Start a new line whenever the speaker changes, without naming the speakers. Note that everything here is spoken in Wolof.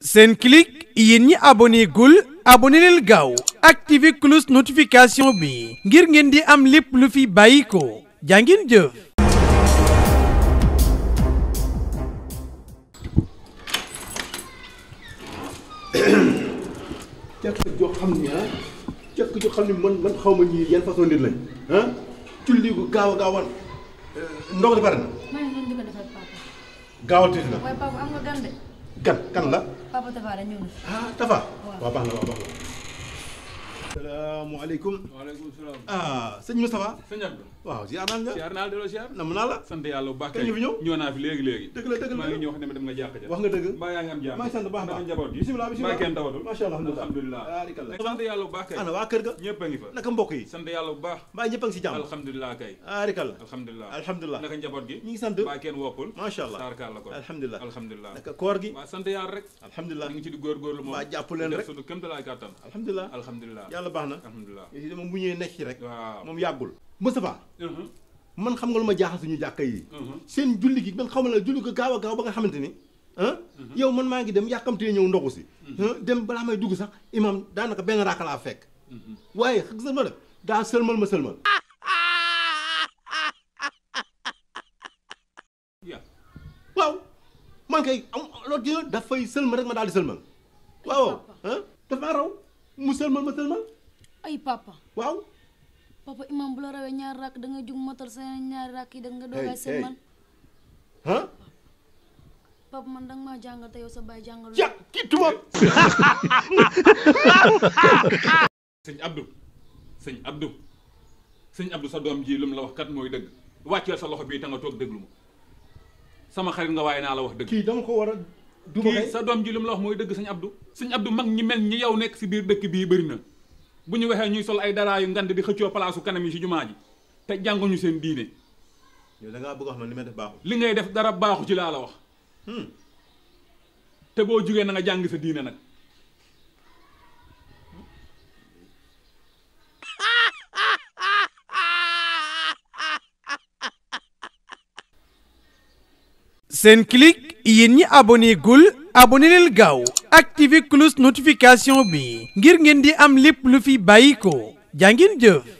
Senclic yéen ñi aboné gul abonné leen gaaw activé cloche notification bi ngir ngeen di am lépp lu fi bàyyi ko jàngin jëf. càkk xam ne ah xaw ma ñii yan façon nit lañ ah julli gu gaaw
eh, kan kan la. papa Tafa la ñëw na. ah Tafa. waaw
baax na waaw baax na. salaamaaleykum. waaleykum salaam. ah sëñ Moustapha. sëñ Abdou. waaw ziar naa nga. ziar naa la delloo ziar. nam naa la. sant
yàlla bu baax kay. kañ fi ñëw ñëw naa fi léegi léegi. dëgg la dëgg la maa ngi ñëw wax ne ma dem nga jàkka ja. wax nga dëgg. mbaa yaa ngi am jàmm. maa ngi sant bu baax a baax njaboot yi. bisimilah bisimilah mbaa kenn tawatul. macha allah alhamdulilah alhamdulilah. sant yàlla bu baax kay. ana waa kër ga. ñëpp a ngi fa. naka mbokk yi. sant yàlla bu baax. mbaa ñëpp a ngi si jàmm. alhamdulilah kay. arikalla. alhamdulilah alhamdulilah. naka njaboot gi. ñu ngi sant. mbaa kenn woppul. macha allah sarkaal la ko. alhamdulilah alhamdulilah. naka koor gi. waa sant yàlla rek. alhamdulilah ñu ngi ci di góorgóorlu moom. mbaa jàpp leen rek. def suñu kéemtalaay kàttan. alhamdulilah alhamdulilah yàlla baax na alhamdulilah
moom bu ñëwee nekk ci rek moom yàggul Moustapha mm-hmm. man xam nga lu ma jaaxal suñu jàkka yi mm-hmm. seen julli gi man xam ma la julli ko gaaw a gaaw ba nga xamante ni ah? mm-hmm. yow man maa ngi dem yàkkamtee ñëw ndoxu si ah, dem balaa may dugg sax imam daanaka benn raaka laa fekk waaye gis nga ma def daa sëlmal ma sëlmal waaw man kay loolu dafay sëlmal rek ma daal di sëlmal waaw ah, dafa raw mu sëlmal ma sëlmal ay papa waaw
papa imam bu la rawee ñaari rakk da nga jug motal sa ñaari rakk yi da nga doogaa sëlmal ah man da nga maa jàngal te yow sa baay jàngal ja ki sëñ Abdou sëñ sa doom ji lu mu la wax kat mooy sa loxo bii te nga toog déglu ma sama xarit nga waaye naa la wax dëgg kii dama ko war a kii sa doom ji lu mu la wax mooy dëgg sëñ Abdou sëñ Abdou mag ñi mel ñi yow nekk si biir dëkk bii bëri na bu ñu waxee ñuy sol ay daraa yu ngand di xëccoo palaasu kanam yi si jumaa ji te jànguñu seen diine
yow bëgg wax na li may def baaxu
li ngay def dara baaxu ci laa la wax hmm. te boo jugee na jàng sa diine nag
Senclic yéen ñi abonné gul abonné leen gaaw activé cloche notification bi ngir ngeen di am lépp lu fi bàyyi ko jaa ngeen jëf